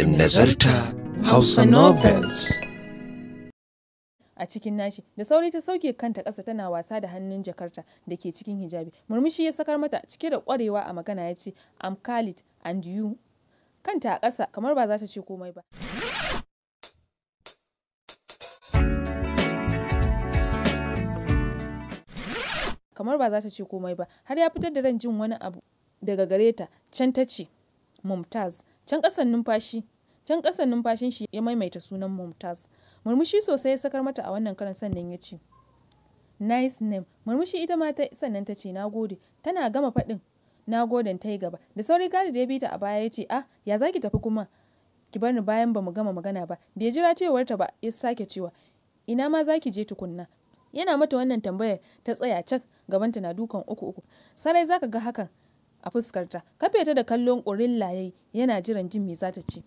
in nazarta Hausa Novels. A cikin nashi, da sauri ta sauke kanta ƙasa tana wasa da hannun jakarta da ke cikin hijabi. Murmushi ya sakar mata cike da kwarewa a magana ya ce, I'm Khalid and you. Kanta a ƙasa kamar ba za ta ce komai ba. Kamar ba za ta ce komai ba, har ya fitar da ran jin wani abu daga gare ta, can ta ce, Mumtaz, Can ƙasan numfashi can ƙasan numfashin shi ya maimaita sunan Mumtaz. Murmushi sosai ya sakar mata a wannan karan sannan ya ce, Nice name. Murmushi ita ma sannan ta ce, nagode Tana gama faɗin, nagodan ta yi gaba. Da sauri gadi da ya bi ta a baya ya ce, Ah, ya za ki tafi kuma? Ki bar ni bayan ba mu gama magana ba. Bai jira cewar ta ba, ya sake cewa, Ina ma za ki je tukunna. Yana mata wannan tambayar ta tsaya cak gabanta na dukan uku uku. Sarai za ka ga hakan a fuskarta kafe ta da kallon ƙurilla yayi yana jiran jin me za ta ce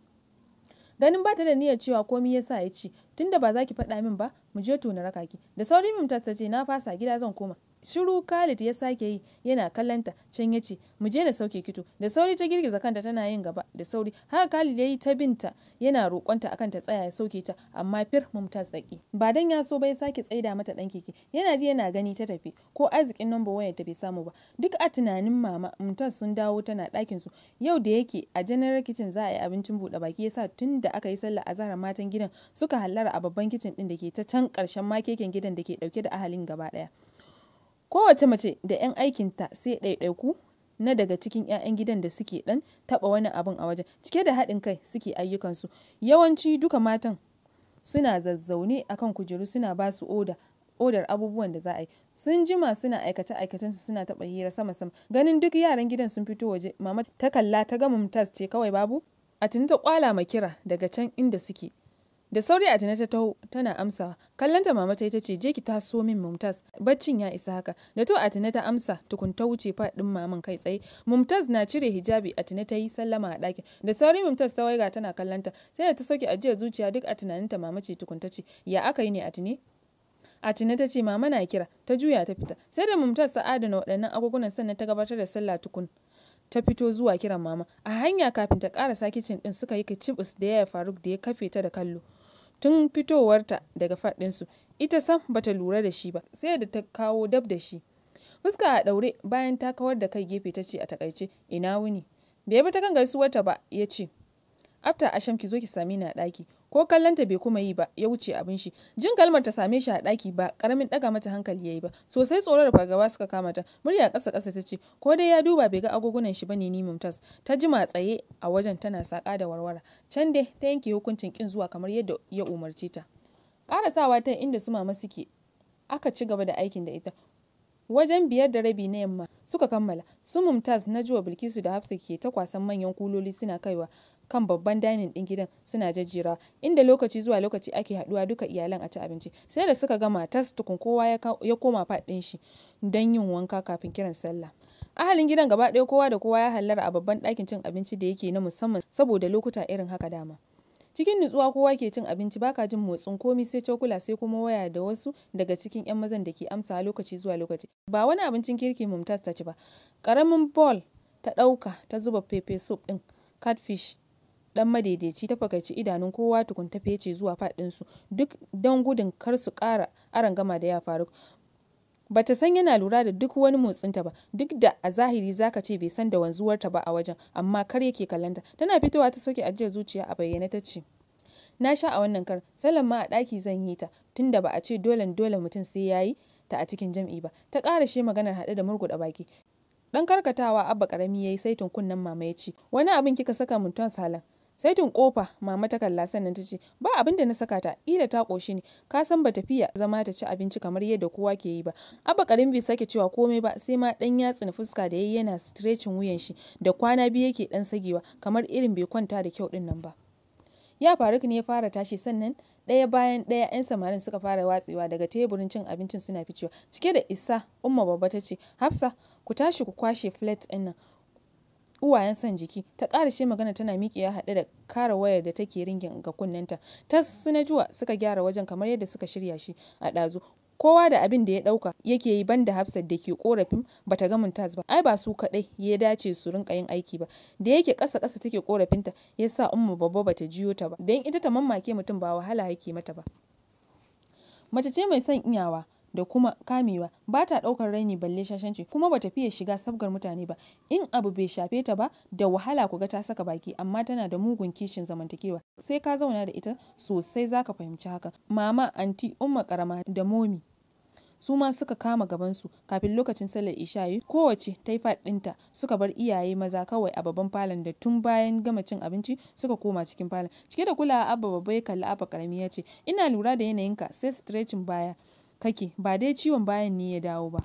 ganin ba ta da niyyar cewa komai yasa ya ci tunda ba za ki faɗa min ba mu je tona raka ki da sauri mintar ta ce na fasa gida zan koma shiru Khalid ya sake yi yana kallanta can ya ce mu je na sauke kito da sauri ta girgiza kanta tana yin gaba da sauri haka Khalid ya yi ta binta yana roƙonta akan ta tsaya ya sauke ta amma fir mumta tsaki ba dan ya so ba ya sake tsaida mata dan keke yana ji yana gani ta tafi ko arzikin number wayar ta bai samu ba duk a tunanin mama mumtaz sun dawo tana ɗakin su yau da yake a general kitchen za a yi abincin buɗe baki yasa tun da aka yi sallah azahar matan gidan suka hallara a babban kitchen din da ke ta can ƙarshen makeken gidan da ke ɗauke da ahalin gaba ɗaya. Kowace mace da 'yan aikinta sai ɗaiɗaiku na daga cikin 'ya'yan gidan da suke ɗan taɓa wani abun a wajen, cike da haɗin kai suke ayyukansu. Yawanci duka matan suna zazzaune a kan kujeru suna ba su odar abubuwan da za a yi. Sun jima suna aikace-aikacensu suna taɓa hira sama-sama. Ganin duk yaran gidan sun fito waje, mama ta kalla ta gama mutas ce kawai babu. A tuni ta kwala ma kira daga can inda suke. da sauri a ta taho tana amsawa kallanta mama ta ita ce je ki taso min mumtaz baccin ya isa haka da to a ta amsa tukun ta wuce faɗin maman kai tsaye mumtaz na cire hijabi a ta yi sallama a ɗakin da sauri mumtaz ta waiga tana kallanta sai da ta sauke ajiyar zuciya duk a tunaninta mama ce tukun ta ce ya aka yi ne a tuni Atina ta ce mama na kira ta juya ta fita sai da mumtaz ta adana waɗannan agogunan sannan ta gabatar da sallah tukun ta fito zuwa kiran mama a hanya kafin ta ƙarasa kicin ɗin suka yi cibus da yaya faruk da ya kafe ta da kallo tun fitowarta daga faɗinsu ita sam bata lura da shi ba sai da ta kawo dab da shi fuska a ɗaure bayan ta kawar da kai gefe ta ce a takaice ina wuni bai bi ta kan gaisuwarta ba ya ce afta asham ki zo ki sami na ɗaki ko kallonta bai kuma yi ba ya wuce abin shi jin kalmar ta same shi a ɗaki ba karamin ɗaga mata hankali ya yi ba sosai tsoro da fargaba suka kama ta murya ƙasa ƙasa ta ce ko dai ya duba bai ga agogunan shi ba ne ni mumtaz ta jima tsaye a wajen tana saƙa da warwara can dai ta yanke hukuncin kin zuwa kamar yadda ya umarce ta sawa ta inda su mama suke aka ci gaba da aikin da ita wajen biyar da rabi na yamma suka kammala su mumtaz na jiwa bilkisu da hafsa ke ta kwasan manyan kuloli suna kaiwa kan babban dainin din gidan suna jajjera inda lokaci zuwa lokaci ake haduwa duka iyalan a ci abinci sai da suka gama tas tukun kowa ya koma faɗin shi don yin wanka kafin kiran sallah ahalin gidan gaba ɗaya kowa da kowa ya hallara a babban ɗakin cin abinci da yake na musamman saboda lokuta irin haka dama cikin nutsuwa kowa ke cin abinci baka jin motsin komi sai cokula sai kuma waya da wasu daga cikin yan mazan da ke amsa lokaci zuwa lokaci ba wani abincin kirki mumtaz ta ci ba karamin ball ta ɗauka ta zuba pepe soup ɗin catfish dan madaidaici ta fakaici idanun kowa tukun ta fece zuwa su duk don gudun kar su ƙara gama da ya faru ba ta san yana lura da duk wani motsinta ba duk da a zahiri zaka ce bai san da wanzuwarta ba a wajen amma kar yake kallanta tana fitowa ta sauke ajiyar zuciya a bayyane ta ce na sha a wannan kar salon ma a daki zan yi ta tunda ba a ce dole dole mutum sai ya yi ta a cikin jam'i ba ta ƙara shi maganar haɗe da murguɗa baki dan karkatawa abba karami yayi sai tunkunnan mama ya ce wani abin kika saka mun ton salon saitin kofa mama ta kalla sannan ta ce ba abin da na saka ta ila ta koshi ne ka san bata fiya zama ta ci abinci kamar yadda kowa ke yi ba abba karim bi sake cewa komai ba sai ma dan yatsi na fuska da yayi yana stretching wuyan shi da kwana biyu yake dan sagewa kamar irin bai kwanta da kyau din nan ba ya faruk ne ya fara tashi sannan ɗaya bayan ɗaya 'yan samarin suka fara watsewa daga teburin cin abincin suna ficewa cike da isa umma babba ta ce hafsa ku tashi ku kwashe flat ɗin nan uwayen son jiki ta ƙara shi magana tana ya haɗe da kara wayar da take ringin ga kunnenta ta suna juwa suka gyara wajen kamar yadda suka shirya shi a ɗazu kowa da abin da ya ɗauka yake yi banda hafsat da ke korafin bata ga mumtaz ba ai ba su kaɗai ya dace su rinka yin aiki ba da yake ƙasa-ƙasa take korafinta yasa umma babba bata jiyo ta ba dan ita ta mammake mutum ba wahala yake mata ba mace ce mai son iyawa da kuma kamewa ba ta ɗaukar raini balle shashanci kuma bata fiye shiga sabgar mutane ba in abu bai shafe ta ba da wahala ku ga ta saka baki amma tana da mugun kishin zamantakewa sai ka zauna da ita sosai zaka fahimci haka mama anti umma karama da momi su ma suka kama gabansu kafin lokacin sallar ishayi kowace ta yi faɗinta suka bar iyaye maza kawai a babban falon da tun bayan gama cin abinci suka koma cikin falon cike da kulawa abba babba ya kalli abba karami ya ce ina lura da yanayinka sai stretching baya kake ba dai ciwon bayan ne ya dawo ba.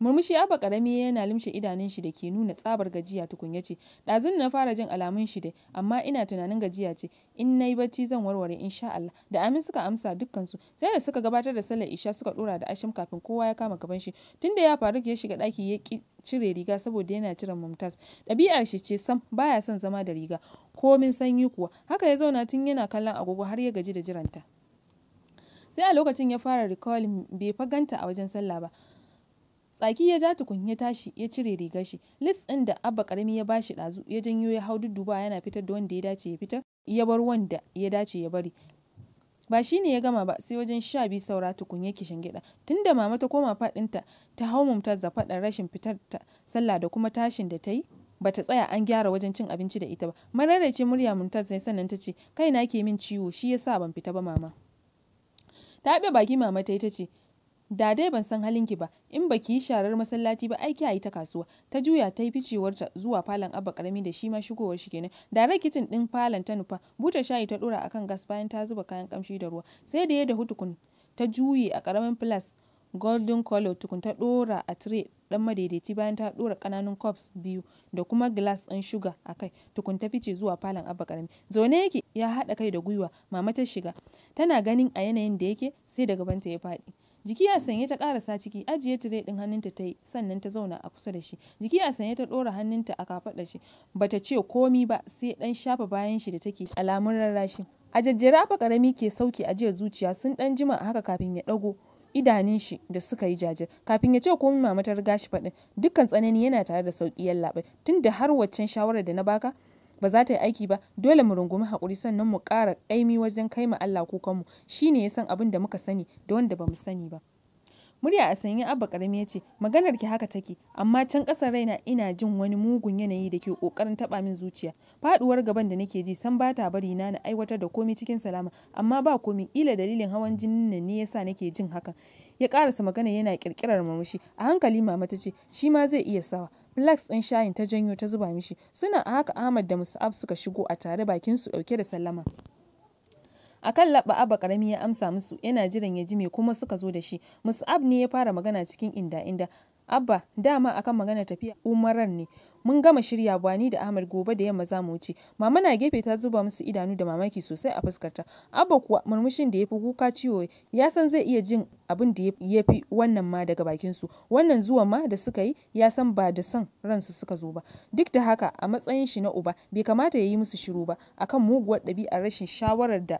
Murmushi Abba karami yana limshe idanun shi da ke nuna tsabar gajiya tukun ya ce, ɗazun na fara jin alamun shi dai, amma ina tunanin gajiya ce, in na yi bacci zan warware insha Allah. Da amin suka amsa dukkansu, sai da suka gabatar da sallar isha suka dora da ashim kafin kowa ya kama gaban shi. Tun da ya faru ya shiga ɗaki ya ƙi cire riga saboda yana cire Mumtaz. Ɗabi'ar shi ce sam baya son zama da riga, komin sanyi kuwa. Haka ya zauna tun yana kallon agogo har ya gaji da jiranta. sai a lokacin ya fara recalling bai faganta a wajen sallah ba tsaki ya ja tukun ya tashi ya cire rigar shi list din da abba karami ya bashi dazu ya janyo ya hau dudduba yana fitar da wanda ya dace ya fitar ya bar wanda ya dace ya bari ba shi ne ya gama ba sai wajen sha biyu saura tukun ya kishin tunda mama ta koma fadinta ta ta hau mumtar fadar rashin fitar ta sallah da kuma tashin da ta yi bata tsaya an gyara wajen cin abinci da ita ba mararece murya mumtar sai sannan ta ce kai na ke min ciwo shi yasa ban fita ba mama ta haɓe baki mama ta yi ta ce da dai ban san halinki ba in ba ki yi sharar masallaci ba aiki a yi ta kasuwa ta juya ta yi ficewarta zuwa falon abba karami da shi ma shigowar shi kenan rai kicin din falon ta nufa butar shayi ta dora akan gas bayan ta zuba kayan kamshi da ruwa sai da ya da hutukun ta juye a karamin filas golden color tukun ta ɗora a tire dan madaidaici bayan ta dora kananan cups biyu da kuma glass ɗin sugar a kai tukun ta fice zuwa falon abba karami zaune yake ya haɗa kai da gwiwa mama ta shiga tana ganin a yanayin da yake sai da gabanta ya faɗi jiki a sanye ta karasa ciki ajiye tire din hannunta ta yi sannan ta zauna a kusa da shi jiki a sanye ta dora hannunta a kafaɗa shi bata ce komi ba sai ɗan shafa bayan shi da take alamun rarrashi a jajjera abba karami ke sauke ajiyar zuciya sun dan jima haka kafin ya dago idanun shi da suka yi jajir kafin ya ce komai mama ta riga shi faɗin dukkan tsanani yana tare da sauki yallaɓai tunda har waccan shawarar da na baka ba za ta yi aiki ba dole mu rungumi haƙuri sannan mu ƙara ƙaimi wajen kai ma Allah kukanmu shine ya san abin da muka sani da wanda ba mu sani ba Murya a sanye Abba Karami ya ce, "Maganar ki haka take, amma can ƙasa raina ina jin wani mugun yanayi da ke kokarin taɓa min zuciya. Faɗuwar gaban da nake ji san bata bari na na aiwatar da komai cikin salama, amma ba komai ila dalilin hawan jinin nan ne yasa nake jin hakan." Ya ƙarasa magana yana ƙirƙirar murmushi. A hankali mama ta ce, "Shi ma zai iya sawa." Flax ɗin shayin ta janyo ta zuba mishi. Suna a haka Ahmad da musab suka shigo a tare bakin su ɗauke da sallama. akan laɓa aba karami ya amsa musu yana jiran ya ji me kuma suka zo da shi mus'ab ne ya fara magana cikin inda inda abba dama akan magana tafiya umaran ne mun gama shirya bani da ahmad gobe da yamma zamu wuce mama na gefe ta zuba musu idanu da mamaki sosai a fuskarta abba kuwa murmushin da ya fi kuka ciwo ya san zai iya jin abin da ya fi wannan ma daga bakin su wannan zuwan ma da suka yi ya san ba da son ransu suka zo ba duk da haka a matsayin shi na uba bai kamata ya yi musu shiru ba akan muguwar ɗabi'ar rashin shawarar da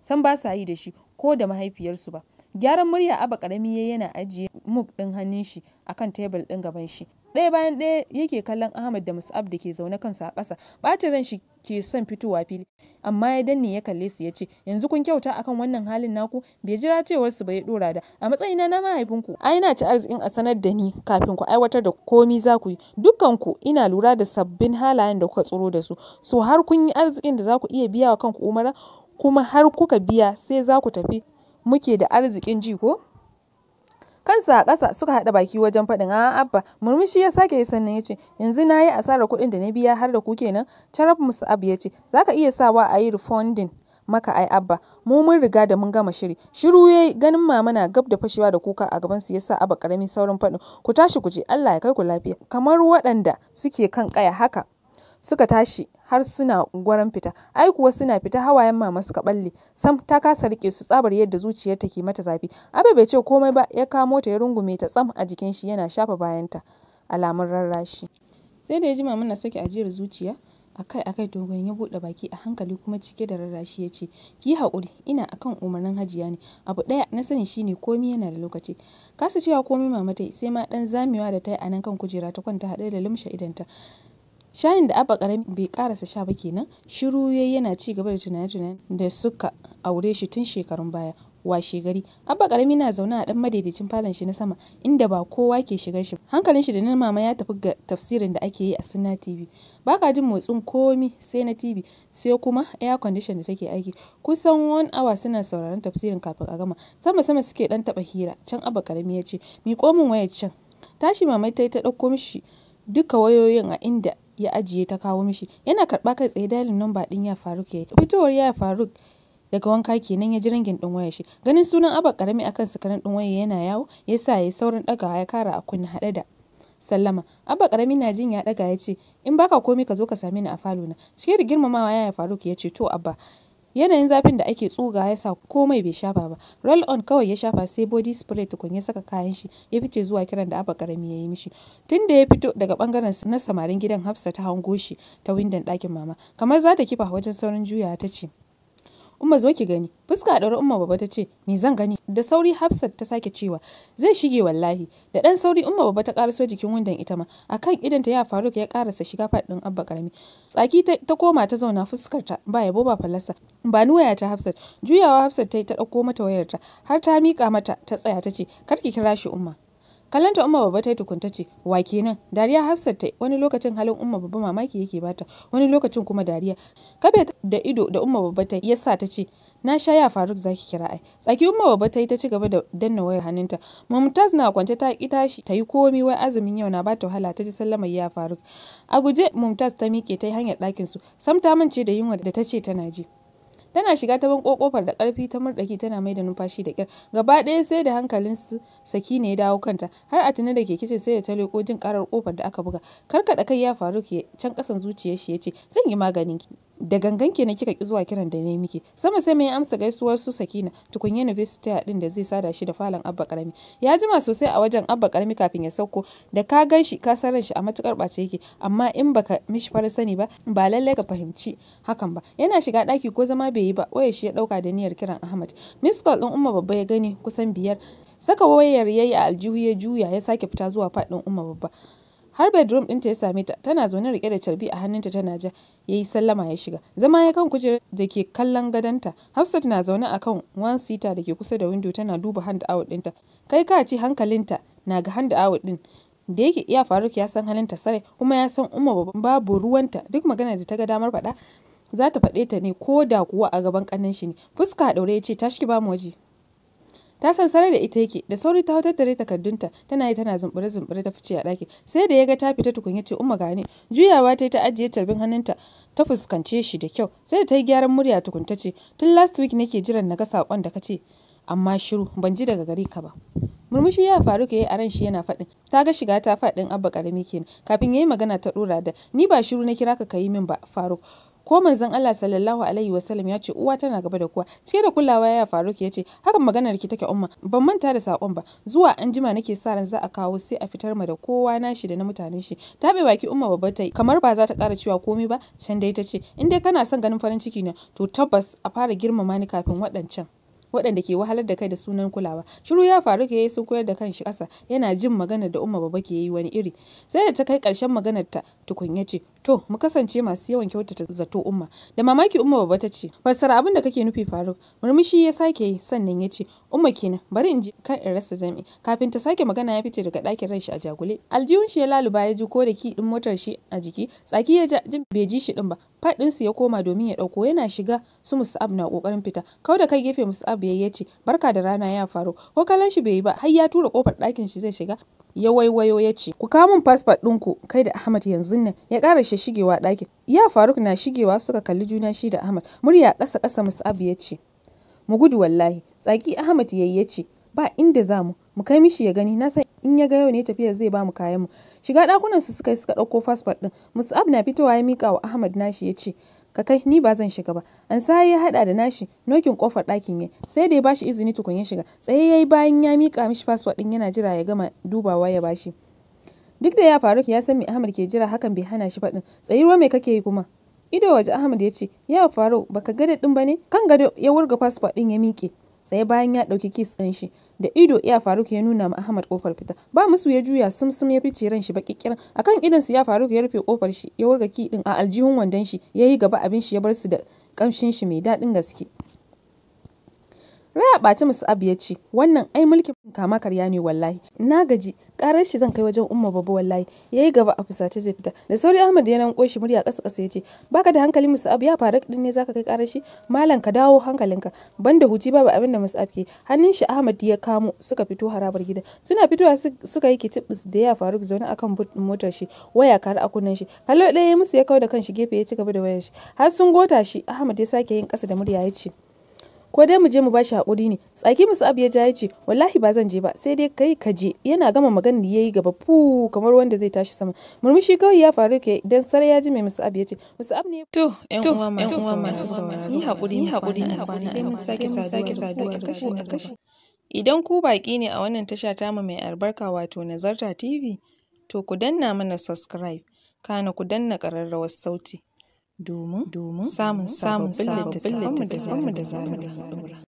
san ba sa yi da shi ko da mahaifiyarsu ba gyaran murya aba karami ya yana ajiye muk din hannun shi akan tebul din gaban shi ɗaya bayan ɗaya yake kallon ahmad da mus'ab da ke zaune kansa a ƙasa ɓacin ran shi ke son fitowa fili amma ya danne ya kalle su ya ce yanzu kun kyauta akan wannan halin naku bai jira cewar su bai dora da a matsayina na mahaifinku ai na ci arzikin a sanar da ni kafin ku aiwatar da komi za ku yi dukkan ku ina lura da sabbin halayen da kuka tsoro da su so har kun yi arzikin da za ku iya biya wa kanku umara kuma har kuka biya sai za ku tafi muke da arzikin ji ko? Kansa a ƙasa suka haɗa baki wajen faɗin a abba murmushi ya sake yi sannan ya ce yanzu na yi asarar kuɗin da na biya har da ku kenan charab musa'ab ya ce za ka iya sawa a yi refunding maka ai abba mu mun riga da mun gama shiri shiru ya ganin mama na gab da fashewa da kuka a gaban su yasa abba karamin saurin faɗin ku tashi ku je Allah ya kai ku lafiya kamar waɗanda suke kan kaya haka suka tashi har suna gwaran fita ai kuwa suna fita hawayen mama suka balle sam ta kasa rike su tsabar yadda zuciyarta ke mata zafi abai bai ce komai ba ya kamo ta ya rungume ta tsam a jikin shi yana shafa bayanta alamun rarrashi sai da ya ji na saki ajiyar zuciya akai akai dogon ya bude baki a hankali kuma cike da rarrashi ya ce ki haƙuri ina akan umarnin hajiya ne abu ɗaya na sani shine komai yana da lokaci kasa cewa komai mama tai sai ma dan zamewa da tai a nan kan kujera ta kwanta haɗe da limsha idanta Shayin da Abba ƙarami bai karasa sha ba kenan, shiru ya yana ci gaba da tunane tunani da suka aure shi tun shekarun baya. Washe gari, Abba ƙarami na zaune a ɗan madaidaicin falon shi na sama inda ba kowa ke shigar shi. Hankalin shi da na mama ya tafi ga tafsirin da ake yi a Sunna TV. Ba ka jin motsin komi sai na TV, sai kuma air condition da take aiki. Kusan one hour suna sauraron tafsirin kafin a gama. Sama-sama suke dan taɓa hira. Can Abba ƙarami ya ce, miƙo min wayar can. Tashi mamai ta yi ta dauko mishi duka wayoyin a inda ya ajiye ta kawo mishi. Yana karɓa kai tsaye dayalin namba ɗin ya Faruk ya Fitowar ya faru daga wanka kenan ya ji rangin din wayar shi ganin sunan abba karami akan sakarin din wayar yana yawo sa ya saurin daga ya kara a kunna hade da sallama abba karami na jin ya daga ya ce in baka komai ka zo ka same ni a falo na cike da girmamawa yaya faruk ya ce to abba Yanayin zafin da ake tsuga ya sa komai bai shafa ba, roll-on kawai ya shafa sai body spray tukun ya saka kayan shi ya fice zuwa kiran da aba karami ya yi mishi. Tun da ya fito daga ɓangaren na samarin gidan hafsa ta hango shi ta windon ɗakin mama, kamar za ta kifa wajen saurin juyawa ta ce. Umma zo ki gani. Fuska ɗaure Umma baba ta ce, "Me zan gani?" Da sauri Hafsat ta sake cewa, "Zai shige wallahi." Da ɗan sauri Umma baba ta ƙaraso jikin wundan ita ma, akan idan ta ya Faruk ya ƙarasa shiga faɗin Abba Karami. Tsaki ta koma ta zauna fuskar ta ba yabo ba falasa. Ba ni waya ta Hafsat. Juyawa Hafsat ta yi ta ɗauko mata wayarta har ta miƙa mata ta tsaya ta ce, "Kar ki kira shi Umma." kallanta umma babba ta yi tukunta ce wa kenan dariya hafsat ta wani lokacin halin umma babba mamaki yake bata wani lokacin kuma dariya kabe da ido da umma babba ta sa ta ce na sha ya faruk zaki kira ai tsaki umma babba ta yi ta ci gaba da danna wayar hannunta mumtaz na kwance ta ki tashi ta yi komi wai azumin yau na bata wahala ta ji sallama ya faruk a guje mumtaz ta miƙe ta yi hanyar ɗakin su sam ta mance da yunwa da ta ce tana ji tana shiga ta banko kofar da karfi ta murdaki tana mai da numfashi da kyar gaba ɗaya sai da hankalin su saki ne ya dawo kanta har a tuna da ke kicin sai da ta leko jin karar kofar da aka buga karkada kai ya faru ke can kasan zuciyar shi ya ce zan yi maganin ki da gangan kenan kika ki zuwa kiran da ne miki sama sai mai amsa gaisuwar su sakina tukunya na visitor din da zai sada shi da falon abba karami ya jima sosai a wajen abba karami kafin ya sauko da ka gan shi ka san shi a matukar bace yake amma in baka mishi farin sani ba ba lallai ka fahimci hakan ba yana shiga daki ko zama bai yi ba waye shi ya dauka da niyyar kiran Ahmad miss call din umma babba ya gani kusan biyar saka wayar yayi a aljihu ya juya ya sake fita zuwa fadin umma babba har bedroom ɗinta ya same ta tana zaune rike da carbi a hannunta tana ja ya yi sallama ya shiga zama ya kan kujerar da ke kallon gadonta hafsat na zaune a kan one seater da ke kusa da window tana duba hand out ɗinta kai ka ce hankalinta na ga hand out ɗin da yake iya faruk ya san halinta sarai kuma ya san umma babu ruwanta duk magana da ta ga damar faɗa za ta faɗe ta ne ko da kuwa a gaban ƙanin shi ne fuska a ɗaure ya ce tashi ki ba mu waje ta sansare da ita yake da sauri ta hautar tare takardunta tana yi tana zumbure zumbure ta fice a ɗaki sai da ya ga ta fita tukun ya ce umma gane juyawa ta yi ta ajiye carbin hannunta ta fuskance shi da kyau sai da ta yi gyaran murya tukun ta ce tun last week nake jiran na ga saƙon da ka ce amma shiru ban ji daga gare ka ba murmushi ya faru ka yi a ran shi yana faɗin ta ga shiga ta faɗin abba ƙarami kenan kafin ya yi magana ta ɗora da ni ba shiru na kira ka ka yi min ba faruk ko manzon Allah sallallahu alaihi wasallam ya ce uwa tana gaba da kowa cike da kulawa ya faru ya ce hakan maganar ki take umma ban manta da sakon ba zuwa anjima nake sa ran za a kawo sai a fitar ma da kowa na shi da na mutanen shi ta bai baki umma babba ta kamar ba za ta kara cewa komai ba can dai ta ce in dai kana son ganin farin ciki na to tabbas a fara girmama ni kafin waɗancan waɗanda ke wahalar da kai da sunan kulawa shiru ya faru ke sun koyar da kanshi kasa yana jin maganar da umma baba ke yi wani iri sai da ta kai karshen maganar ta tukun ya ce To, mu kasance masu yawan kyautata zato umma. Da mamaki umma babba ta ce, fassara abin da kake nufi faruk. Murmushi ya sake yi sannan ya ce, umma kenan, bari in ji kan in rasa zami. Kafin ta sake magana ya fice daga ɗakin ranshi a jagule. Aljihun shi ya laluba ya ji ko da ki ɗin motar shi a jiki. Tsaki ya ji bai ji shi ɗin ba. Faɗinsu ya koma domin ya ɗauko yana shiga su Musa'ab na kokarin fita. Kau da kai gefe Musa'ab ya ce, barka da rana ya faru. Ko kalan shi bai yi ba har ya tura ƙofar ɗakin shi zai shiga. ya waiwayo ya ce ku kawo min fasfat ɗinku kai da ahmad yanzu nan ya ƙara shi shigewa ɗakin iya faruk na shigewa suka kalli juna shi da ahmad murya ƙasa ƙasa abu ya ce mu gudu wallahi tsaki ahmad yayi ya ce ba inda za mu mu kai mishi ya gani na san in ya ga yau ne tafiyar zai ba mu kayan mu shiga ɗakunan su suka yi suka ɗauko fasfat ɗin mus'ab na fitowa ya mika wa ahmad nashi ya ce ka kai ni ba zan shiga ba an sa ya hada da nashi nokin kofar ɗakin ya sai da ya bashi izini tukun ya shiga tsaye yayi bayan ya mika mishi fasfo din yana jira ya gama dubawa ya bashi duk da ya faruk ya san me ahmad ke jira hakan bai hana shi faɗin ruwa mai kake yi kuma ido waje ahmad ya ce ya faru baka ga ɗin ba ne kan gado ya wurga fasfo din ya miƙe tsaye bayan ya ɗauki kis ɗin shi da ido iya faruk ya nuna ma ahmad kofar fita ba musu ya juya sumsum ya fice ran shi bakikiran akan idan su ya faruk ya rufe kofar shi ya wurga ki ɗin a aljihun wandon shi ya yi gaba abin shi ya bar su da kamshin shi mai daɗin gaske Raya ɓaci Musa'ab ya ce, wannan ai mulkin kama karya ne wallahi. Na gaji, karar shi zan kai wajen umma babu wallahi. Ya yi gaba a fusace zai fita. Da sauri Ahmad ya nan koshi murya ƙasa ƙasa ya ce, baka da hankali Abu ya faru ɗin ne zaka kai karar shi? Malam ka dawo hankalinka. Banda huci babu abin da Abu ke. Hannun shi Ahmad ya kamo suka fito harabar gidan. Suna fitowa suka yi kitibis da ya faru zaune akan but motar shi, waya kar a kunnen shi. Kallo ɗaya musu ya kawo da kanshi gefe ya ci gaba da wayar shi. Har sun gota shi Ahmad ya sake yin ƙasa da murya ya ce, ko dai mu je mu bashi hakuri ne tsaki abu ya ja ya ce wallahi ba zan je ba sai dai kai ka je yana gama maganar yi gaba fu kamar wanda zai tashi sama murmushi kawai ya faru ke idan sare ya ji mai abu ya ce abu ne to yan uwa masu sama yi hakuri hakuri sai mun sake sake saduwa kashi idan ku baki ne a wannan tasha tamu mai albarka wato nazarta tv to ku danna mana subscribe kana ku danna ƙararrawar sauti domin samun sababbin littattafanmu da zama